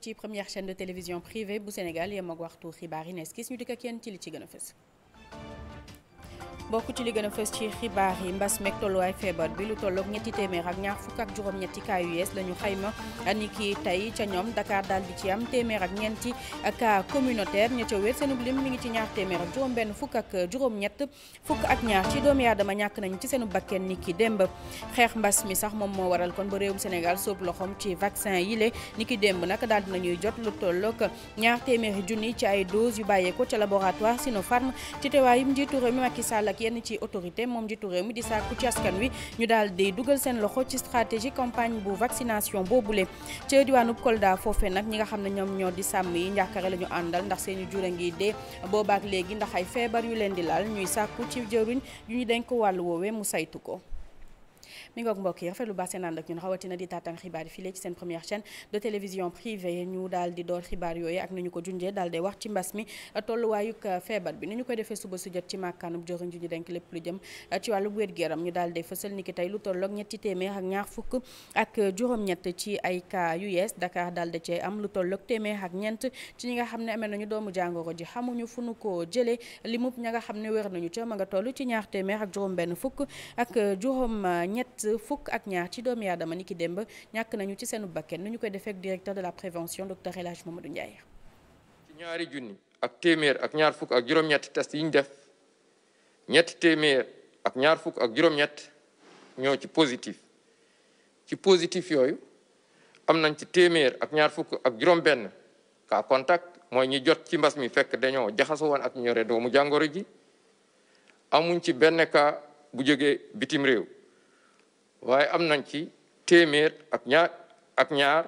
ci première chaîne de télévision privée bu Sénégal yem ak waxtu xibaar yi nees gis ñu dikk ak yéen ci li ci gën a bokk ci li gën a fës ci xibaar yi mbas meeg tolluwaay feebar bi lu tolloog ñetti téeméer ak ñaar fukk ak juróom-ñetti cas yu ci am téeméer ak ñeenti cas benn fukk ak juróom-ñett fukk ak ñaar ci doomi aadama ñàkk nañu ci seenu bakkeen ni ki démb xeex mbas mi sax moom moo waral kon ba réewum Sénégal sóob loxoom ci vaccin yi le ni ki démb nag daal dinañuy jot lu tolloog ñaar téeméeri junni ci ay doses yu bàyyeeko ca laboratoire Sinopharm ci teewaayum njiitu réew mi Macky Sall ak ak yenn ci autorité moom ji réew mi di sàkku ci askan wi ñu daal di dugal seen loxo ci stratégie campagne bu vaccination boobu ca diwaanu Kolda foofe nag ñi nga xam ne ñoom ñoo di sàmm yi njàkkare la ñu àndal ndax seeni jur a ngi dee boobaak léegi ndax ay feebar yu leen di laal ñuy sàkku ci jëruñ yu ñu ko wàllu woowee mu saytu ko mi ngoog mbokk yi rafetlu baax seen ànd ak ñun rawatina di taataan xibaar yi fii ci seen première chaîne de télévision privée ñu daal di door xibaar yooyu ak nañu ko junjee daal di wax ci mbas mi tolluwaayuk feebar bi ni ñu koy defee suba su jot ci màkkaanub jëriñ ju ñu denk lépp lu jëm ci wàllu wér-gu-yaram ñu daal di fësal ni ki tey lu tolloog ñetti téeméer ak ñaar fukk ak juróom-ñett ci ay cas yu yees Dakar daal di cee am lu tolloog téeméer ak ñeent ci ñi nga xam ne amee nañu doomu jàngoro ji xamuñu fu nu ko jëlee limub ña nga xam ne wér nañu ca ma nga toll ci ñaar téeméer ak juróom benn fukk ak juróom ñett at fukk ak ñaar ci doomi aadama ni ki démb ñàkk nañu ci seenu bakken nu ñu koy defee ak directeur de la prévention docteur El Hadj Mamadou Ndiaye. ci ñaari junni ak téeméer ak ñaar fukk ak juróom-ñett test ñu def ñetti téeméer ak ñaar ak juróom ñoo ci positif ci positif yooyu am nañ ci téeméer ak ñaar fukk ak juróom-benn cas contact mooy ñi jot ci mbas mi fekk dañoo jaxasoo woon ak ñore doomu jàngoro ji amuñ ci benn cas bu jógee bitim réew. waaye am nañ ci téeméer ak ñaar ak ñaar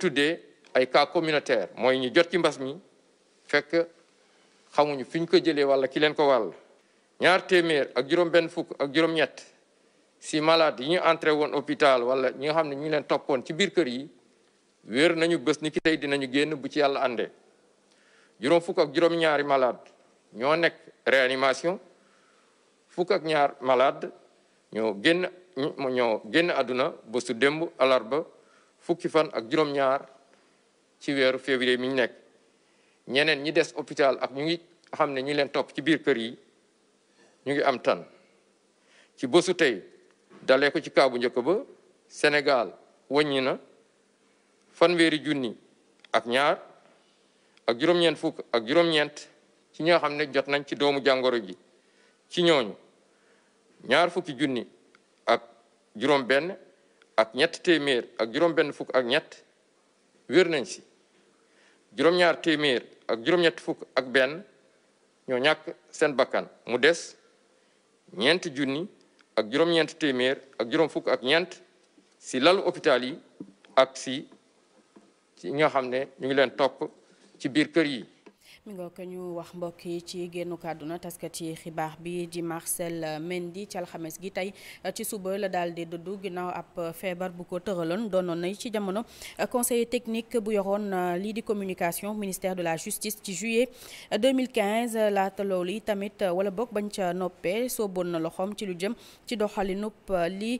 tuddee ay cas communautaire mooy ñu jot ci mbas mi fekk xamuñu fi ko jëlee walla ki leen ko wàll ñaar téeméer ak juróom-benn fukk ak juróom-ñett si malade yi ñu entré woon hôpital walla ñi nga xam ne ñu leen toppoon ci biir kër yi wéer nañu bës ni ki tey dinañu génn bu ci yàlla ànde juróom fukk ak juróom-ñaari malade ñoo nekk réanimation fukk ak ñaar malade ñoo génn mu ñoo génn àdduna bésu démb alarba fukki fan ak juróom-ñaar ci weeru février mi ñu nekk ñeneen ñi des hôpital ak ñu ngi xam ne ñu leen topp ci biir kër yi ñu ngi am tan ci bésu tey dalee ko ci kaabu njëkk ba Sénégal wàññi na fanweeri junni ak ñaar ak juróom-ñeent fukk ak juróom-ñeent ci ñi xam ne jot nañ ci doomu jàngoro ji ci ñooñu ñaar fukki junni juróom benn ak ñett téeméer ak juróom benn fukk ak ñett wér nañ si juróom ñaar téeméer ak juróom ñett fukk ak benn ñoo ñàkk seen bakkan mu des ñeent junni ak juróom ñeent téeméer ak juróom fukk ak ñeent si lalu hôpital yi ak si ci ñi xam ne ñu ngi leen topp ci biir kër yi mi nga ko ñu wax mbokk yi ci génnu kàdduna taskat yi xibaar bi di Marcel Mendy ci alxames gi tey ci suba la daal di dëddu ginnaaw ab feebar bu ko tëraloon doonoon na ci jamono conseiller technique bu yoroon euh, lii di communication ministère de la justice ci juillet 2015 euh, euh, laata loolu yi tamit wala bokk bañ ca noppee sooboon na loxoom ci lu jëm ci doxalinub lii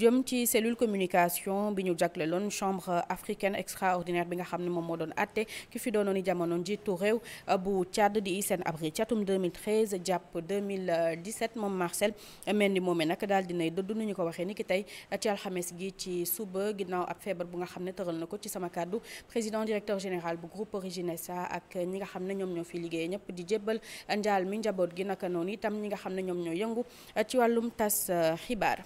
jëm ci cellule communication bi ñu jagleloon chambre africaine extraordinaire bi nga xam ne moom moo doon atte ki fi doonoon i jamono njiitu réew bu Tchad di Hissène Habré catum 2013 jàpp 2017 moom Marcel Mendy moomee nag daal dinay dëdd nu ñu ko waxee ni ki tey ci alxames gi ci suba ginnaaw ab feebar bu nga xam ne tëral na ko ci sama kàddu président directeur général bu groupe Origine SA ak ñi nga xam ne ñoom ñoo fi liggéey ñëpp di jébbal njaal mi njaboot gi naka noonu itam ñi nga xam ne ñoom ñoo yëngu ci wàllum tas xibaar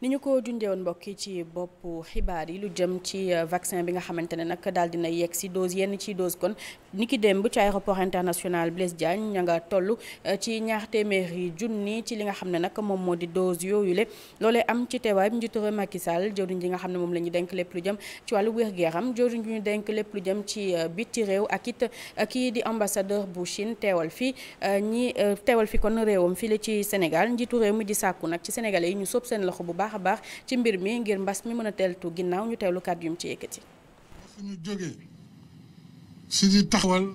ni ñu ko junjee woon mbokk yi ci bopp xibaar yi lu jëm ci euh, vaccin bi nga xamante ne nag daal dina yegg si dose yenn ci dose kon ni ki démb ci aéroport international Blaise Diagne ña nga toll euh, ci ñaar téeméeri junni ci li nga xam ne nag moom moo di dose yooyu le loolee am ci teewaay njiitu réew Macky Sall jëwriñ ji xam ne moom la ñu denk lépp lu jëm ci wàllu wér-gu-yaram jëwriñ ji ñu denk lépp lu jëm ci euh, biti réew ak it kii di ambassadeur bu Chine teewal fi ñi teewal fi kon réewam fii la ci Sénégal njiitu réew mi di sàkku nag ci sénégalais yi ñu sóob seen loxo bu baax baax a ci mbir mi ngir mbas mi mën a teeltu ginnaaw ñu teelu kàddu yum ci yëkkati. suñu jógee si di taxawal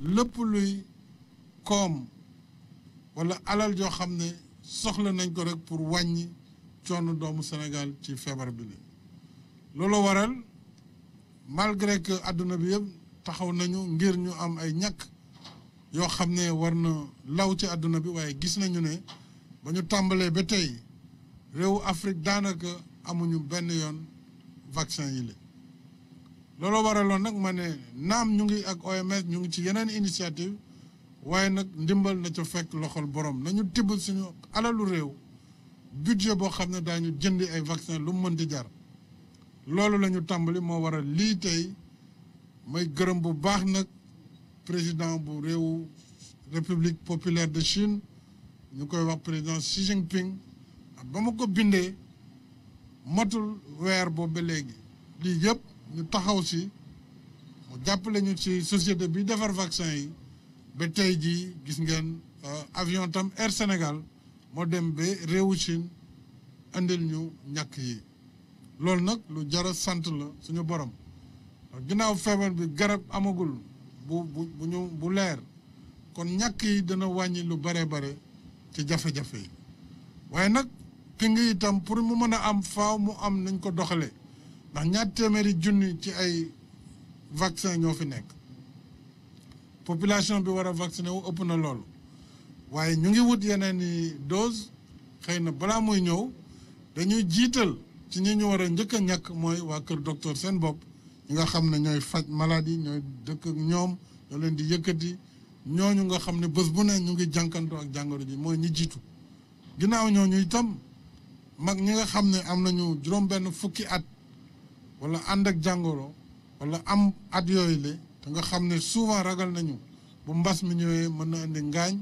lépp luy koom wala alal yoo xam ne soxla nañ ko rek pour wàññi coono doomu senegal ci feebar bi la loolu waral malgré que àdduna bi yëpp taxaw nañu ngir ñu am ay ñakk yoo xam ne war na law ci àdduna bi waaye gis nañu ne ba ñu tàmbalee ba tey réewu Afrique daanaka amuñu benn yoon vaccin yi la looloo waraloon nag ma ne naam ñu ngi ak OMS ñu ngi ci yeneen initiative waaye nag ndimbal na ca fekk loxol borom nañu tibb suñu alalu réew budget boo xam ne daañu jëndi ay vaccin lu mën di jar loolu lañu tàmbali moo waral lii tey may gërëm bu baax nag président bu réewu république populaire de Chine ñu koy wax président Xi Jinping ba ma ko bindee matul weer boobu léegi lii yëpp ñu taxaw si mu jàppale ñu ci société bi defar vaccin yi ba tey jii gis ngeen euh, avion tam Air Sénégal moo dem ba réewu Chine indil ñu ñàkk yi loolu nag lu jara sant la suñu borom ginnaaw feebar bi garab amagul bu bu bu leer kon ñàkk yi dana wàññi lu bare bare ci jafe-jafe yi waaye nag te nga itam pour mu mën a am faaw mu am nañ ko doxale ndax ñaar téeméeri junni ci ay vaccin ñoo fi nekk population bi war a vacciné wu ëpp na loolu waaye ñu ngi wut yeneen i dose xëy na balaa muy ñëw dañuy jiital ci ñi ñu war a njëkk a ñàkk mooy waa kër docteur seen bopp ñi nga xam ne ñooy faj maladie ñooy dëkk ak ñoom ñoo leen di yëkkati ñooñu nga xam ne bés bu ne ñu ngi jànkantoo ak jàngoro ji mooy ñi jiitu ginnaaw ñooñu itam mag ñi nga xam ne am nañu juróom-benn fukki at wala ànd ak jàngoro wala am at yooyu le te nga xam ne souvent ragal nañu bu mbas mi ñëwee mën na indi ngaañ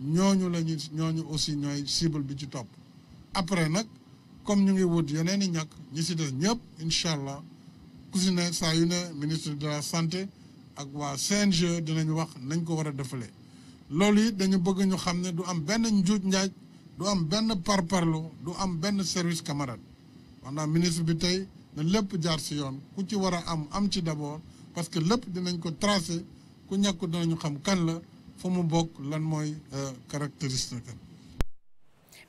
ñooñu lañu ñooñu aussi ñooy cible bi ci topp après nag comme ñu ngi wut yeneen i ñàkk ñi si des ñëpp incha allah ku si ne saa yu ne ministre de la santé ak waa CNG dinañu wax nañ ko war a defalee loolu it dañu bëgg ñu xam ne du am benn njuuj njaaj du am benn parparlu du am benn service camarade maanaam ministre bi tey na lépp jaar si yoon ku ci war a am am ci d'abord parce que lépp dinañ ko tracé ku ñàkk dinañu xam kan la fa mu bokk lan mooy euh, caractéristique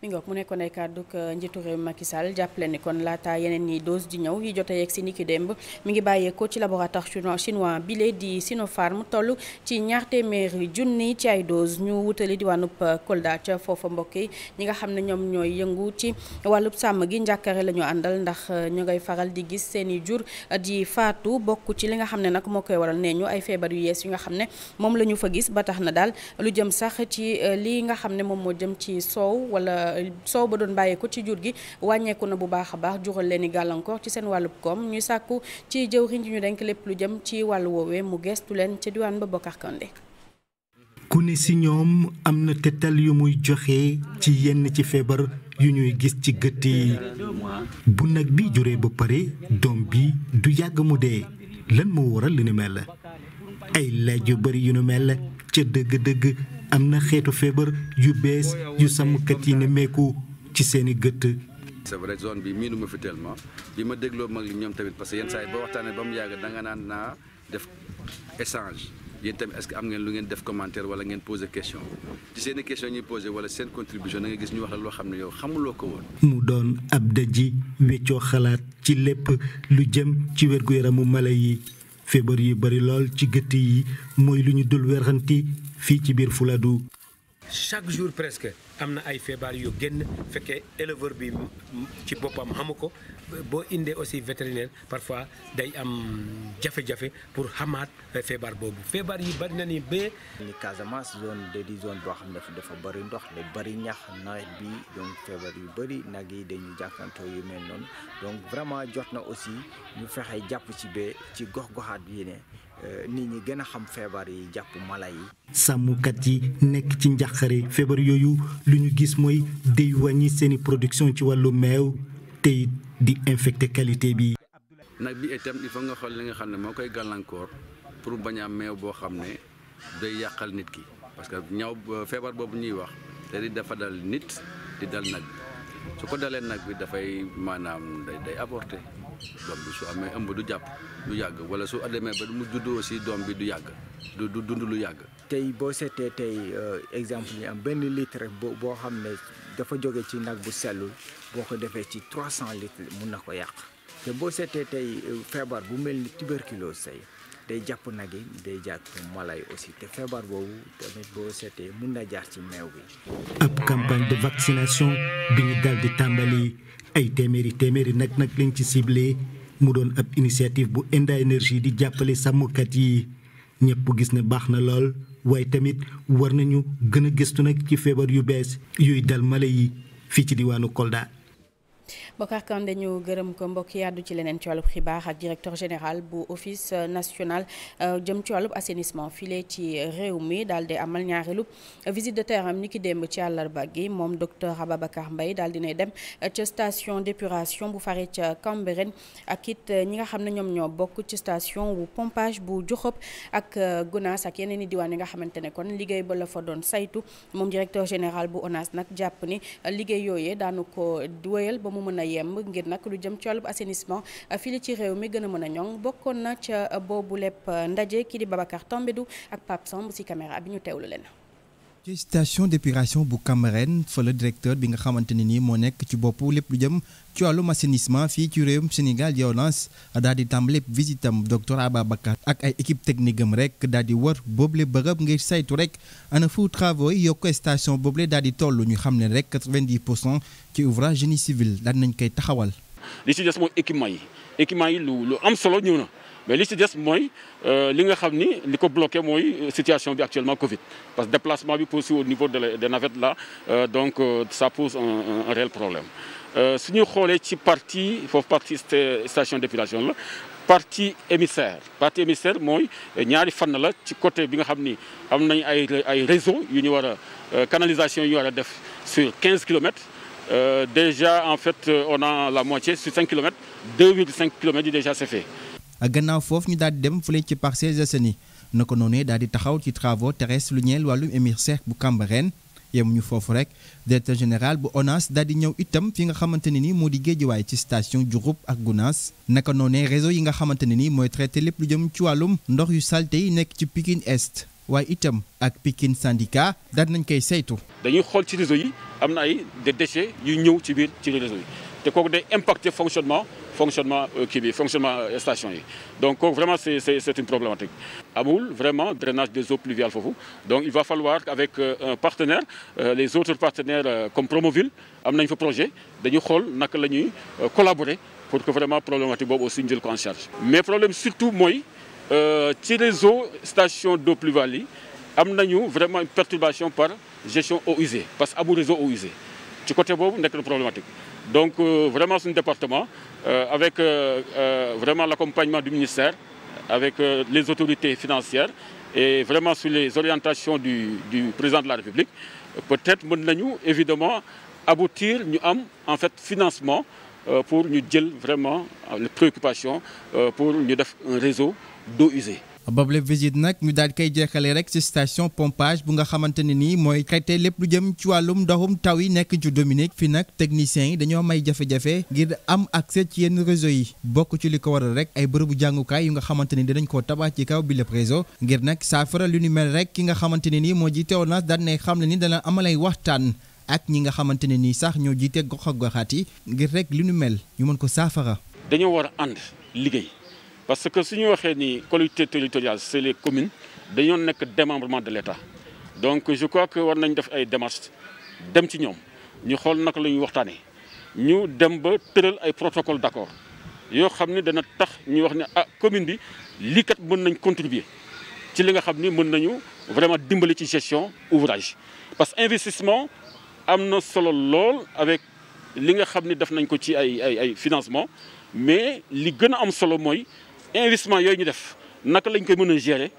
mi ngoog mu nekkoon ay kàddu euh, njiitu réew Macky Sall jàppale ni kon laata yeneen ñi dose di ñëw yi jote yeeg si niki démb mi ngi bàyyeekoo ci laboratoire chinois bile di Sinopharm toll ci ñaar téeméeri junni ci ay dose ñu wutali diwaanub euh, Kolda ca foofa mbokk yi ñi nga xam ne ñoom ñooy yëngu ci wàllub sàmm gi njàkkare la ñu àndal ndax euh, ñu ngay faral di gis seen i jur di faatu bokk ci li nga xam ne nag moo koy waral nee ñu ay feebar yu yees yi nga xam ne moom la fa nga xam moom moo jëm soow ba doon bàyyeeku ci jur gi wàññeeku na bu baax a baax jural leen i gàllankoor ci seen wàllub koom ñuy sàkku ci jëwriñ ji ñu denk lépp lu jëm ci wàllu woowee mu gestu leen ca diwaan ba Bokar Kandé ku ne si ñoom am na tetal yu muy joxe ci yenn ci feebar yu ñuy gis ci gëtt bu nag bi juree ba pare doom bi du yàgg mu dee lan moo waral li nu mel ay laaj yu bari yu nu mel ca dëgg-dëgg am na xeetu feebar yu bees yu sàmmkat yi ne meeku ci seeni gëtt. c'est vrai zone bi miinu ma fi tellement bi ma dégloo mag li ñoom tamit parce que yenn saa yi boo waxtaanee ba mu yàgg danga naan naa def échange yéen tamit est que am ngeen lu ngeen def commentaire wala ngeen poser question ci seen i question ñuy poser wala seen contribution da nga gis ñu wax la loo xam ne yow xamuloo ko woon. mu doon ab daji weccoo xalaat ci lépp lu jëm ci wérgu yaramu mala yi feebar yu bari lool ci gëtt yi mooy lu ñu dul werxanti fii ci biir du chaque jour presque am na ay feebar yu génn fekkee éleveur bi ci boppam xamu ko boo indee aussi vétérinaire parfois day am jafe-jafe pour xamaat feebar boobu feebar yi bari na ni ba. ni Casamance zone de di zone boo xam ne dafa bari ndox la bari ñax nawet bi donc feebar yu bari nag yi dañuy jàkkantoo yu mel noonu donc vraiment jot na aussi ñu fexe jàpp ci ba ci gox-goxaat bi ne. Euh, nit ñi gën a xam feebar yi jàpp mala yi. sàmmkat yi nekk ci njàqare feebar yooyu lu ñu gis mooy day wàññi seeni production ci wàllu meew te di infecté qualité bi. nag bi itam il faut nga xool li nga xam ne moo koy gàllankoor pour bañ a am meew boo xam ne day yàqal nit ki parce que ñaw feebar boobu ñuy wax te di dafa dal nit di dal nag bi su ko dalee nag bi dafay maanaam day day avorté. doom bi su amee ëmb du jàpp du yàgg wala su demee ba mu judd aussi doom bi du yàgg du dund lu yàgg. tey boo seetee tey euh, exemple ñu am benn litre rek boo xam ne dafa jóge ci nag bu sellul boo ko defee ci 300 litres mun na ko yàq te boo seetee tey euh, feebar bu mel ni tuberculose say day jàpp nag yi day jàpp aussi te feebar boobu tamit boo seetee mun na jaar ci meew bi. ab campagne de vaccination bi ñu dal di tàmbali ay téeméeri téeméeri nag nag lañ ci ciblé mu doon ab initiative bu Enda Énergie di jàppale sàmmukat yi ñëpp gis ne baax na lool waaye tamit war nañu gën a gëstu nag ci feebar yu bees yooyu dal mala yi fii ci diwaanu koldaa Bokar Kande ñu gërëm ko mbokk yàddu ci leneen ci wàllub xibaar ak directeur général bu office national euh, jëm ci wàllub assainissement file ci réew mi daal di amal ñaareelu visite de terrain mi ki démb ci àllarba gi moom docteur Ababacar Mbaye daal di nay dem ca station d'épuration bu fare ca Cambérène ak it euh, ñi nga xam ne ñoom ñoo bokk ci station wu pompage bu Dioukhop ak euh, Gonaas ak yeneen i diwaan yi nga xamante ne kon liggéey ba la fa doon saytu moom directeur général bu ONAS nag jàpp ni liggéey yooyee a yemb ngir nag lu jëm ci wàllub assainissement uh, fii ci réew mi gën a mën a ñoŋ bokkoon na ca uh, boobu lépp uh, ndaje kii di Babacar Tambédou ak Pape Samb ci caméra bi ñu teewlu leen. ci station d'épuration bu Cambérène fa la bi nga xamante ne nii moo nekk ci bopp lépp lu jëm ci wàllum assainissement fii ci réewum Sénégal yow lance daal di tàmbali visitam docteur Ababacar ak ay équipe technique am rek daal di wër boobule bërëb ngir saytu rek ana fu travaux yi yokk station boobule daal di toll ñu xam ne rek 90 pour cent ci ouvrage génie civil daan nañ koy taxawal. mais li ci des mooy euh, li nga xam ni li ko bloqué mooy situation bi actuellement Covid parce que déplacement bi aussi au niveau de la des euh, donc euh, ça pose un, un réel problème. su ñu xoolee ci partie foofu partie station d'épilation la partie émissaire parti émissaire mooy ñaari fànn la ci côté bi nga xam ni am nañ ay ay réseau yu ñu war a canalisation yu ñu war a def sur 15 kilomètres. Euh, déjà en fait on a la moitié sur 5 kilomètres 2,5 kilomètres yi déjà c'est fait. ak gannaaw foofu ñu daal di dem fële ci Parcelles Assainies na ko noonee daal di taxaw ci travaux terrestres lu ñeel wàllum émissaire bu kamba Cambérène yemuñu foofu rek directeur général bu ONAS daal di ñëw itam fi nga xamante ne ni moo di géejuwaay ci station Diouroup ak Gounass naka noonee réseau yi nga xamante ne ni mooy traité lépp lu jëm ci wàllum ndox yu salte yi nekk ci Pikine Est waaye itam ak Pikine syndicat daal nañ koy saytu. dañuy xool ci réseau yi am na ay yu ñëw ci biir ci réseau te kooku day impact fonctionnement fonctionnement euh, kii bi fonctionnement euh, station yi donc kooku vraiment c'est c'est une problématique amul vraiment drainage des eaux pluviales foofu donc il va falloir avec euh, un partenaire les autres partenaires comme Promoville am nañ fa projet dañu xool naka la ñuy collaborer pour que vraiment problématique boobu aussi ñu jël ko en charge mais problème surtout mooy ci réseau station d'eau pluviale am nañu vraiment une perturbation par gestion eaux usées que amul réseau ci côté boobu nekk na problématique Donc euh, vraiment c'est un département euh, avec euh, vraiment l'accompagnement du ministère, avec les autorités financières et vraiment sur les orientations du, du président de la République. Peut-être mën nañu évidemment aboutir ñu am en fait financement pour ñu jël vraiment les préoccupations pour ñu def un réseau d'eau usée. boobu lépp visite nag ñu daal di koy jeexalee rek ci station pompage bu nga xamante ne nii mooy traité lépp lu jëm ci wàllum ndoxum taw yi nekk ju Dominique fi nag techniciens yi dañoo may jafe-jafe ngir am accès ci yenn réseau yi bokk ci li ko waral rek ay bërëbu jàngukaay yu nga xamante ne dinañ koo tabax ci kaw bi lépp réseau ngir nag saafara lu nu mel rek ki nga xamante ne nii moo ji teewoon daan ne xam ne ni dana amalay waxtaan ak ñi nga xamante ne nii sax ñoo jiite gox ak goxaat yi ngir rek li nu mel ñu mën ko saafara. dañoo war ànd liggéey parce que su ñu waxee ni collectivité territoriale c'est les communes dañoo nekk démembrement de l'État donc je crois que war nañ def ay démarches dem ci ñoom ñu xool naka la ñuy waxtaanee ñu dem ba tëral ay protocole d'accord yoo xam ne dana tax ñu wax ne ah commune bi lii kat mën nañ contribuer ci li nga xam ni mën nañu vraiment dimbali ci gestion ouvrage parce que investissement am na solo lool avec li nga xam ni def nañ ko ci ay ay ay financement mais li gën a am solo mooy investissement yooyu ñu def naka lañ koy mën a gérer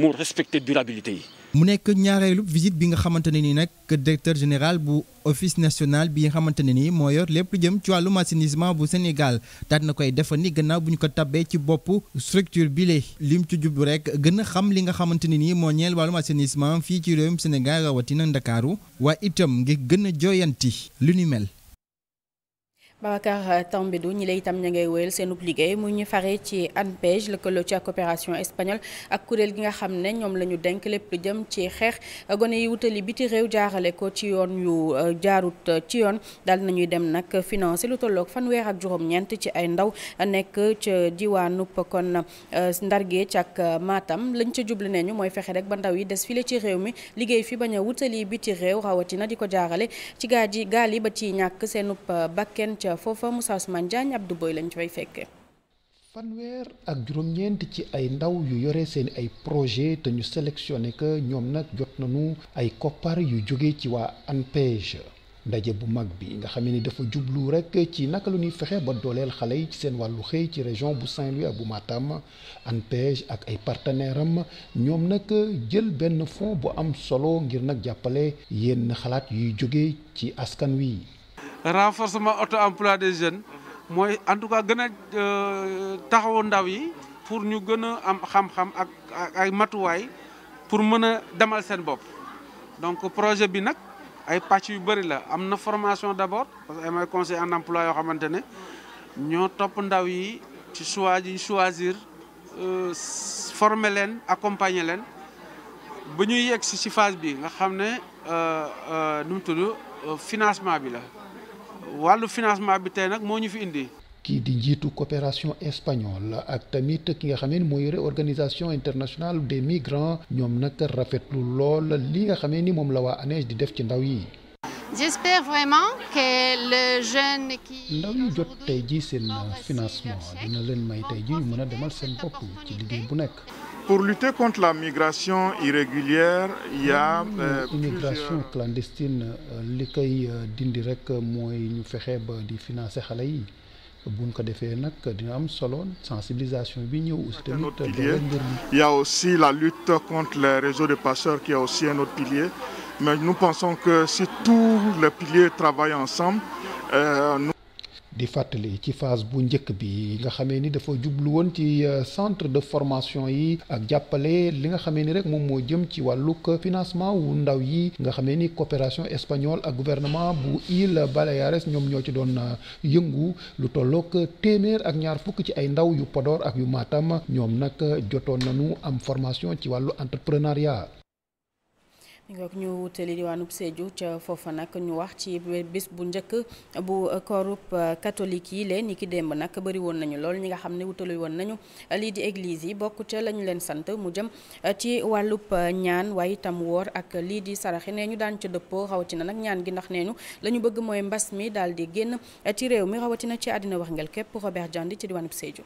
mu respecter durabilité yi. mu nekk ñaareelu visite bi nga xamante ne nii nag directeur général bu office national bi nga xamante ne nii moo yor lépp jëm ci wàllu assainissement bu Sénégal daal na koy ni gannaaw bu ñu ko tabbee ci bopp structure bi lee lim ci jublu rek gën a xam li nga xamante ne nii moo ñeel wàllu assainissement fii ci réewum Sénégal rawatina Ndakaaru waaye itam ngir gën a jooyanti lu ni mel. Babacar euh, Tambidou ñi lay itam ña ngay wéyal seenub liggéey mu ñu fare ci ANPEJ lëkkaloo ci coopération espagnole ak kuréel gi nga xam ne ñoom la ñu denk lépp lu jëm ci xeex gone yi wutali biti réew jaarale ko ci yoon yu euh, jaarut euh, ci yoon daal nañuy dem nag financé lu tolloog fanweer ak juróom-ñeent ci ay ndaw nekk ca diwaanu kon ndargee ndargeec ak Matam lañ ca jublu nee ñu mooy fexe rek ba ndaw yi des file ci réew mi liggéey fi bañ a wutali biti réew rawatina di ko jaarale foofa Moussa Ousmane Diagne Abdou Boy lañ fay fekkee. fanweer ak juróom-ñeent ci ay ndaw yu yore seen ay projet te ñu sélectionné que ñoom nag jot nañu ay koppar yu jóge ci waa ANPEJ ndaje bu mag bi nga xam ni dafa jublu rek ci naka lu ñuy fexe ba dooleel xale yi ci seen wàllu xëy ci région bu Saint-Louis ak bu Matam ANPEJ ak ay partenaire am ñoom nag jël benn fonds bu am solo ngir nag jàppale yenn xalaat yuy jóge ci askan wi. renforcement auto emploi des jeunes mooy en tout cas gën a euh, taxawu ndaw yi pour ñu gën a am xam-xam ak ay matuwaay pour mën a demal seen bopp donc projet bi nag ay pàcc yu bëri la am na formation d'abord parce que ay may conseil en emploi yoo xamante ne ñoo topp ndaw yi ci choix yi choisir euh, former leen accompagner leen ba ñu yegg si ci phase bi nga xam ne euh, nu mu tudd financement bi la wàllu financement bi tey nag moo ñu fi indi. kii di njiitu coopération espagnole ak tamit ki nga xam ne mooy yore organisation internationale des migrants ñoom nag lu lool li nga xam ni moom la waa ANEJ di def ci ndaw yi. j'espère que le jot tey ji seen financement dina leen may tey ji ñu mën a demal seen bopp ci liggéey bu nekk. Pour lutter contre la migration irrégulière, il y a euh, immigration clandestine euh, li koy euh, dindi rek mooy ñu fexe ba di financer xale yi buñ ko defee nag dina am solo sensibilisation bi ñëw aussi tamit il y a aussi la lutte contre les réseaux de passeurs qui est aussi un autre pilier mais nous pensons que si tous les piliers travaillent ensemble di fàttali ci phase bu njëkk bi nga xamee ni dafa jublu woon ci euh, centre de formation yi ak jàppale li nga xamee ni rek moom moo jëm ci wàllug financement wu ndaw yi nga xamee ni coopération espagnole ak gouvernement bu île Baleares ñoom ñoo ci doon euh, yëngu lu tolloog téeméer ak ñaar fukk ci ay ndaw yu Podor ak yu Matam ñoom nag euh, jotoon nañu am formation ci wàllu entrepreneuriat. ngook ñu wutali diwaanub Sédhiou ca foofa nag ñu wax ci bis bu njëkk bu koorub euh, catholique yi leen ni ki démb nag bëri woon nañu lool ñi nga xam ne wutali woon nañu lii di église yi bokk ca la ñu leen sant mu jëm euh, ci wàllub euh, ñaan waaye itam woor ak lii di saraxi nee ñu daan ca dëppoo rawatina nag ñaan gi ndax nee ñu lañu bëgg mooy mbas mi daal di génn ci réew mi rawatina ci àddina wax ngel képp Robert Diandi ci diwaanub Sédhiou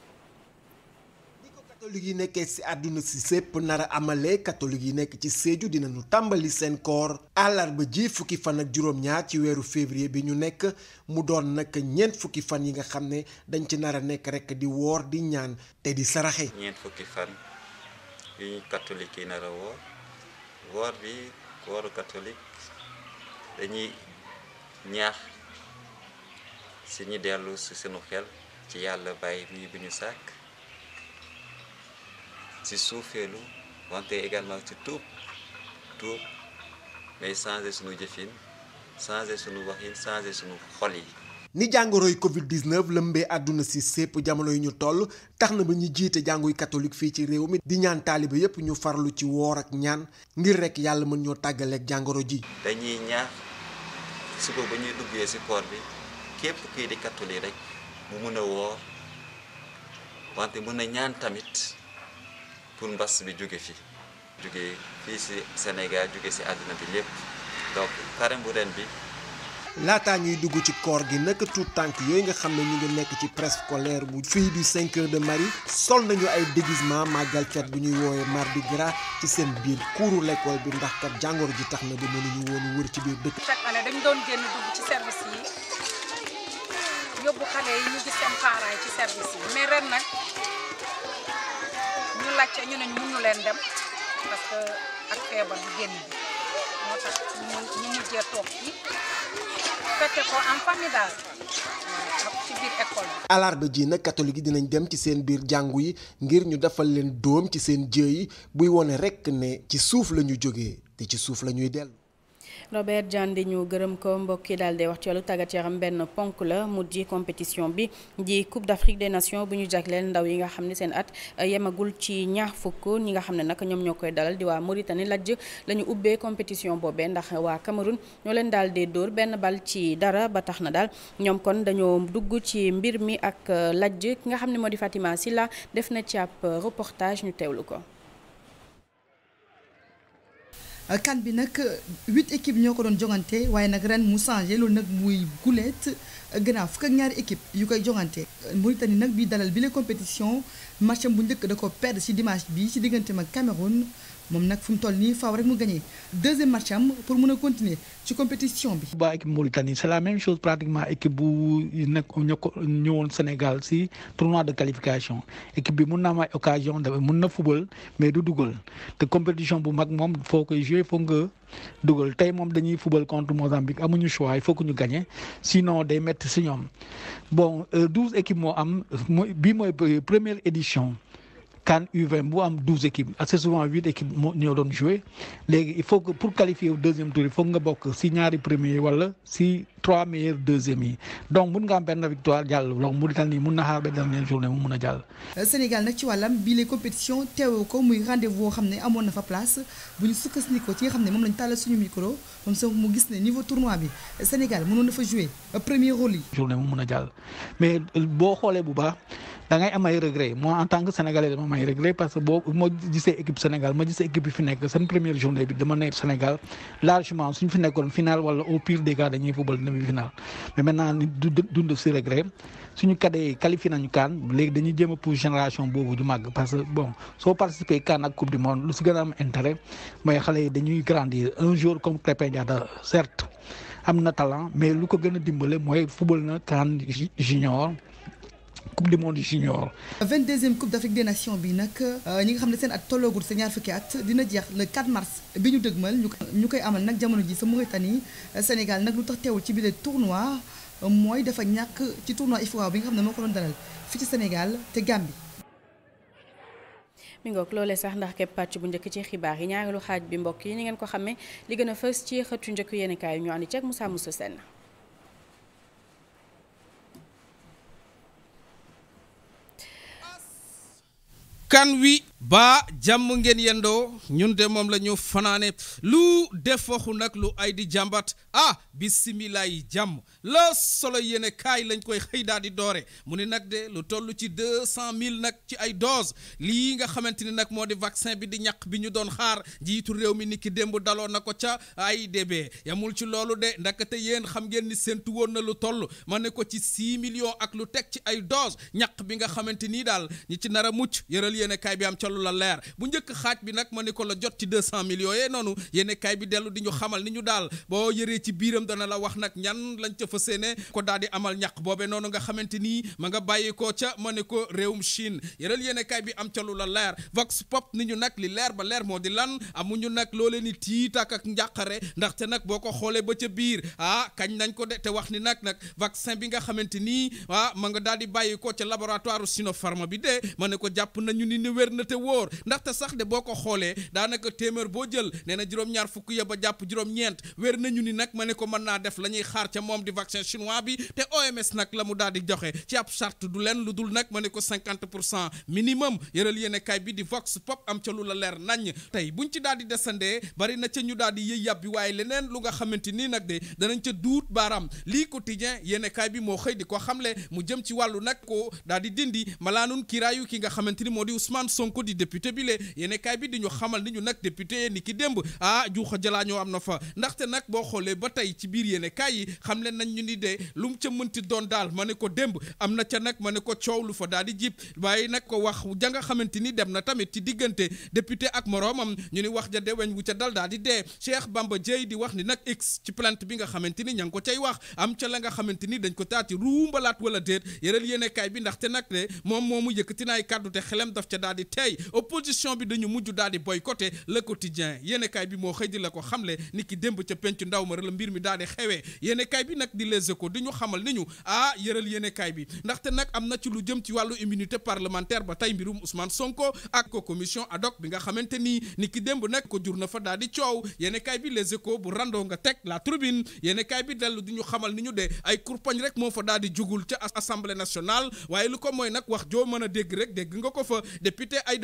catholique yi nekkee ci àdduna si sépp nar a amalee catholique yi nekk ci Sédhiou dinañu tàmbali seen koor àllarba ji fukki fan ak juróom-ñaar ci weeru février bi ñu nekk mu doon nag ñeent fukki fan yi nga xam ne dañ ci nar a nekk rekk di woor di ñaan te di saraxe. ñeent fukki fan yu catholique yi nar a woor woor bi wooru catholique dañuy ñaax si ñu dellu si sunu xel ci yàlla bàyyi bi ñu sàkk. si suufeelu wante également ci tuub tuub mais changer suñu jëfin changer suñu waxin changer suñu xol yi ni jàngoroy covid 19 lëmbee àdduna si sépp jamono yu ñu toll tax na ba ñu jiite jànguy catholique fii ci réew mi di ñaan taaliba yépp ñu farlu ci woor ak ñaan ngir rekk yàlla mën ñoo tàggaleeg jàngoro ji dañuy ñaax suba ba ñuy duggee si koor bi képp kii di catholique rek mu mun a woor wante mun a ñaan tamit pour mbas bi jóge fi jóge fii si Sénégal jóge si àddina bi lépp donc carême bu bi. laataa ñuy dugg ci koor gi naka tuut tànk yooyu nga xam ne ñu ngi nekk ci presse scolaire bu fii bi 5 de Marie sol nañu ay déguisement màggal fête bu ñuy mar bi gras ci seen biir kuuru l'école bi ndax jàngoro ji tax na ba mënuñu woon wër ci biir dëkk. chaque année doon génn dugg ci service yi yóbbu xale yi ñu gis seen faaraay ci service yi mais nag. laajte ñu ne ñu yi dinañ dem ci seen biir jàngu yi ngir ñu defal leen dóom ci seen jëy buy wone rekk ne ci suuf lañu jóge te ci suuf lañuy ñuy dellu. Robert Diagne di ñu gërëm ko mbokk yi di wax ci wàllu tàggat yaram benn ponk la mu di compétition bi di Coupe d'Afrique des nation bu ñu jagleel ndaw yi nga xam ne seen at euh, yemagul ci ñaax fukk ñi nga xam ne naka ñoom ñoo koy dalal di waa Mauritanie lajj la ñu ubbee compétition boobee ndax waa Cameroun ñoo leen daal di dóor benn bal ci dara ba tax na daal ñoom kon dañoo dugg ci mbir mi ak euh, lajj ki nga xam ne moo di si la def na ci ab euh, reportage ñu teewlu ko. kan euh, bi nag euh, huit équipes ñoo ko doon jongante waaye nag ren mu changé loolu nag muy guleet euh, gannaaw fukk ak ñaari équipe yu koy jongante Mauritanie nag bi dalal bi les compétition match bu njëkk da ko perdre ci dimanche bi ci digganteem ak Cameroun moom nag fu mu toll nii faaw rek mu gagné deuxième match am pour mën a continuer ci compétition bi. ba équipe Mauritanie c'est la même chose pratiquement équipe bu nekk ñëwoon Sénégal si tournoi de qualification équipe bi mun naa am ay occasion dafa mun na football mais du dugal te compétition bu mag moom foo koy jouer foo nga dugal tey moom dañuy football contre Mozambique amuñu choix il faut que ñu gagné sinon day métti si ñoom bon euh, douze équipes moo am mooy bii mooy première édition. CAN U20 bu am douze équipes assez souvent huit équipes moo ñoo doon joué léegi il faut que pour qualifier deuxième tour il faut nga bokk si ñaari premier wala si trois meilleurs deuxième yi donc mun nga am benn victoire jàll donc mu dal nii mun na xaar ba dernière journée mu mun a jàll. Sénégal nag ci wàllam bii les compétitions teewoo ko muy rendez-vous boo xam ne amoon na fa place bu ñu sukkandikoo ci nga xam ne moom lañ tàllal suñu micro moom sax mu gis ne niveau tournoi bi Sénégal mënoon na fa joué premier rôle yi. journée mu mun a jàll mais boo xoolee bu baax. dangay ngay am ay regret moi en tant que sénégalais dama am ay parce que boo ma gisee équipe Sénégal ma gisee équipe bi fi nekk fi nekkoon final wala au pire des cas dañuy football demi final. mais maintenant du dund si nañu kaan léegi dañuy jëm a pour génération boobu du màgg parce que bon soo participer kaan ak coupe du monde lu si gën a am intérêt mooy xale yi dañuy grandir un jour comme Crépin Diatta certes am na talent mais lu ko gën a dimbale mooy football na kaan junior. coupe du monde junior. 22e coupe d'Afrique des nations bi nag euh, ñi nga xam ne seen at tolloogul sa ñaar fukki at dina jeex le mars bi ñu dëgmal ñu ñu koy amal nag jamono ji sa Mauritanie euh, Sénégal nag lu tax teewul ci biir tournoi euh, mooy dafa ñàkk ci tournoi IFOA bi nga xam ne moo ko doon dalal fii ci Sénégal te Gambie. mi ngoog loolee sax ndax képp pàcc bu njëkk ci xibaar yi ñaareelu xaaj bi mbokk yi ni ngeen ko xamee li gën a fës ci xëtu njëkk yenn kaay ñu ànd ceeg Moussa Moussa Sène kan wi ba jàmm ngeen yendoo ñun de moom la ñu fanaane lu def waxu nag lu ay di jàmbat ah bisimilah yi jàmm la solo yéene kaay lañ koy xëy daal di doore mu ni nag de lu toll ci deux cent mille nag ci ay doses lii nga xamante ni nag moo di vaccin bi di ñàkk bi ñu doon xaar njiitu réew mi ni ki démb daloo na ko ca ay AIBD yamul ci loolu de te yéen xam ngeen ni séntu woon na lu toll ma ne ko ci six millions ak lu teg ci ay doses ñàkk bi nga xamante ni daal ñi ci nar a mucc yëral yéene kaay bi am ca lu la leer bu njëkk xaaj bi nag ma ni ko la jot ci 200 millions yee noonu yéene kaay bi dellu di ñu xamal ni ñu daal boo yëree ci biiram dana la wax nag ñan lañ ca fa séene ko daal di amal ñàq boobe noonu nga xamante nii ma nga bàyyi koo ca ma ne ko réewum Chine yëral yéene kaay bi am ca lu la leer vox pop ni ñu nag li leer ba leer moo di lan amuñu nag loolee ni tiitaak ak njàqare ndaxte nag boo ko xoolee ba ca biir ah kañ nañ ko de te wax ni nag nag vaccin bi nga xamante nii ah ma nga daal di bàyyi koo ko jàpp nañu ni ni wóor ndaxte sax de boo ko xoolee daanaka téeméer boo jël nee na juróom-ñaar fukk ya ba jàpp juróom-ñeent wér nañu ni nag ma ne ko mën naa def la ñuy xaar ca moom di vaccin chinois bi te OMS nag la mu daal di joxe ci ab charte du leen lu dul nag ma ne ko 50 pour cent minimum yëral yéene kaay bi di vox pop am ca lu la leer nañ tey buñ ci daal di desandee bari na ca ñu daal di yëy yàbbi waaye leneen lu nga xamante nii nag de danañ ca duut baaraam lii quotidien yéene kaay bi moo xëy di ko xamle mu jëm ci wàllu nag ko daal di di Ousmane Sonko di député bi lee yéenekaay bi di ñu xamal ni ñu nag député ni ki démb ah juuxa jalaa ñoo am na fa ndaxte nag boo xoolee ba tey ci biir yéenekaay yi xam leen nañ ñu ni dee lu mu ca mënti daal ma ne ko démb am na ca nag ma ne ko coow lu fa daal di jib waaye nag ko wax ja nga xamante ni dem na tamit ci diggante député ak moroomam ñu ni wax ja de weñ ca dal daal di dee Cheikh Bamba Dièye di wax ni nag x ci plainte bi nga xamante ni ña ngi ko cay wax am ca la nga xamante ni dañ ko taati ruumbalaat wala déet yëral yéenekaay bi ndaxte nag de moom moomu yëkkati naay kàddu te xelam daf ca daal di teey tey opposition bi dañu mujj daal di boycotté le quotidien yéenekaay bi moo xëy di la ko xamle ni ki démb ca penc ndaw ma la mbir mi daal di xewee yéenekaay bi nag di Les Échos di ñu xamal ni ñu ah yëral yéenekaay bi ndaxte nag am na ci lu jëm ci wàllu immunité parlementaire ba tey mbirum Ousmane Sonko ak ko commission ad hoc bi nga xamante ni ni ki démb nag ko jur na fa daal di coow yéenekaay bi Les Échos bu randoo nga teg la tribune yéenekaay bi dellu di ñu xamal ni ñu de ay kurpañ rek moo fa daal di jugul ca assemblée nationale waaye lu ko mooy nag wax joo mën a dégg rek dégg nga ko fa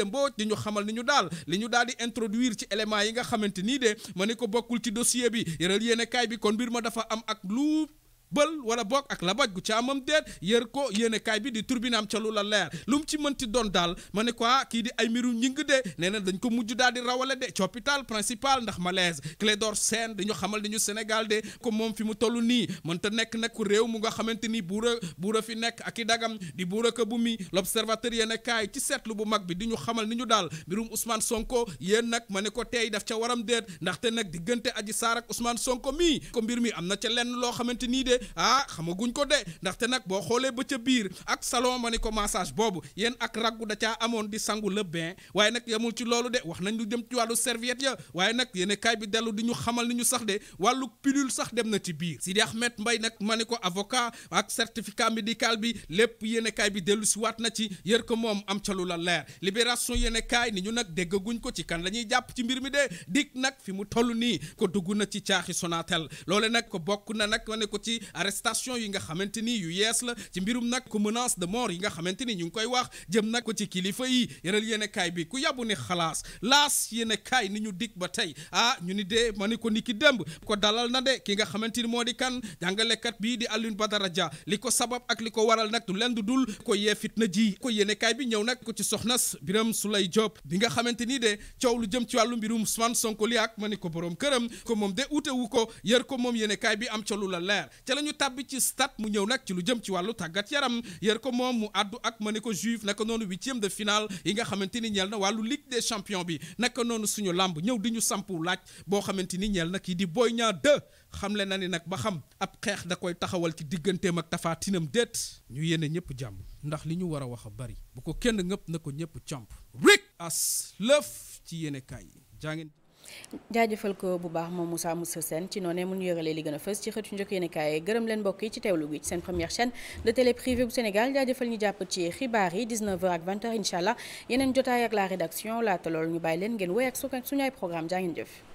mboot Mbodj di ñu xamal ni ñu daal li ñu daal di introduire ci éléments yi nga xamante nii de ma ne ko bokkul ci dossier bi yëral yéene kaay bi kon mbir ma dafa am ak lu bël wala boog ak la labaj gu ca amam déet yër ko yéene bi di turbinaam ca lu la leer lu mu ci mënti doon daal ma ne quoi ah, kii di ay miru ñing de nee na dañ ko mujj daal di rawale de ci principal ndax malaise Clédor seen dañu xamal dañu Sénégal de ko moom fi mu toll nii mënta nekk nag ku réew mu nga xamante ni buur a fi nekk ak i dagam di buura ka bu mi l'observateur yéene kaay ci seetlu bu mag bi di ñu xamal ni ñu daal mbirum Ousmane Sonko yéen nag ma ne ko tey daf ca waram déet ndaxte nag diggante Adji Sarr ak Ousmane Sonko mii ko mbir mi am na ca lenn loo xamante nii de ah xamaguñ ko de ndaxte nag boo xoolee ba ca biir ak salon ma ni ko massage boobu yéen ak raggu da caa amoon di sangu la bain waaye nag yemul ci loolu de wax nañ lu jëm ci wàllu serviette ya waaye nag yéen kaay bi dellu ñu xamal ni sax de wàllu pilule sax dem na ci biir Sidi Ahmed Mbaye nag ma ni ko avocat ak certificat médical bi lépp yéen bi dellu si waat na ci yër ko moom am ca lu la leer libération yéen kaay ni ñu nag déggaguñ ko ci kan la ñuy jàpp ci mbir mi de dik nag fi mu toll nii ko dugg na ci caaxi Sonatel loole nag ko bokk na nag ma ne ko ci arrestation yi nga xamante ni yu yees la ci mbirum nag ku de mort yi nga xamante ni ñu ngi koy wax jëm nag ko ci kilifa yi yëral yéen kaay bi ku yàbbu ni xalaas laas yéen kaay ni ñu dikk ba tey ah ñu ni de ma ni ko ni ki démb ko dalal na de ki nga xamante ni moo di kan jàngalekat bii di Alioune Badara Dia li ko sabab ak li ko waral nag du leen du dul ko yee fitna ji ko yéen kaay bi ñëw nag ko ci soxnas Biram lay Diop bi nga xamante ni de coow lu jëm ci wàllu mbirum Ousmane Sonko li ma ni ko borom këram ko moom de uute ko yër ko moom yéen kaay bi am ca lu la leer nañu tàbbi ci stade mu ñëw nag ci lu jëm ci wàllu tàggat yaram yër ko moom mu àddu ak ma ne ko juif naka noonu huitième de finale yi nga xamante ni ñeel na wàllu ligue des champions bi naka noonu suñu làmb ñëw di ñu sampu laaj boo xamante ni ñeel na kii di Boy Niang 2 xamle na ni nag ba xam ab xeex da koy taxawal ci digganteem ak tafaatinam déet ñu yéene ñëpp jàmm ndax li ñu war a wax a bari bu ko kenn ngëpp na ko ñëpp camp rek as lëf ci yéene kaay yi jaajëfal ko bu baax moom Moussa Moussa Sène ci noonee mu ñu li gën a fës ci xëtu njëkk yéen kaay gërëm leen mbokk yi ci teewlu gi ci seen première chaîne de télé privée bu Sénégal jaajëfal ñu jàpp ci xibaar yi 19h ak 20h incha allah yeneen jotaay ak la rédaction laata loolu ñu bàyyi leen ngeen wéy ak suñu ay programme jaa ngeen jëf